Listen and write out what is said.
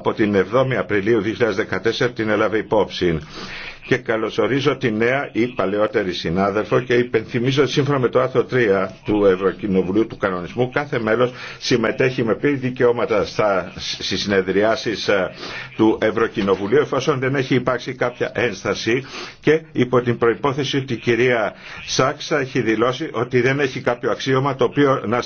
από την 7η Απριλίου 2014 την έλαβε υπόψη και καλωσορίζω τη νέα ή παλαιότερη συνάδελφο και υπενθυμίζω ότι σύμφωνα με το άρθρο 3 του Ευρωκοινοβουλίου του Κανονισμού κάθε μέλος συμμετέχει με πλήρη δικαιώματα στα, στις συνεδριάσεις ε, του Ευρωκοινοβουλίου εφόσον δεν έχει υπάρξει κάποια ένσταση και υπό την προϋπόθεση ότι η κυρία Σάξα έχει δηλώσει ότι δεν έχει κάποιο αξίωμα το οποίο να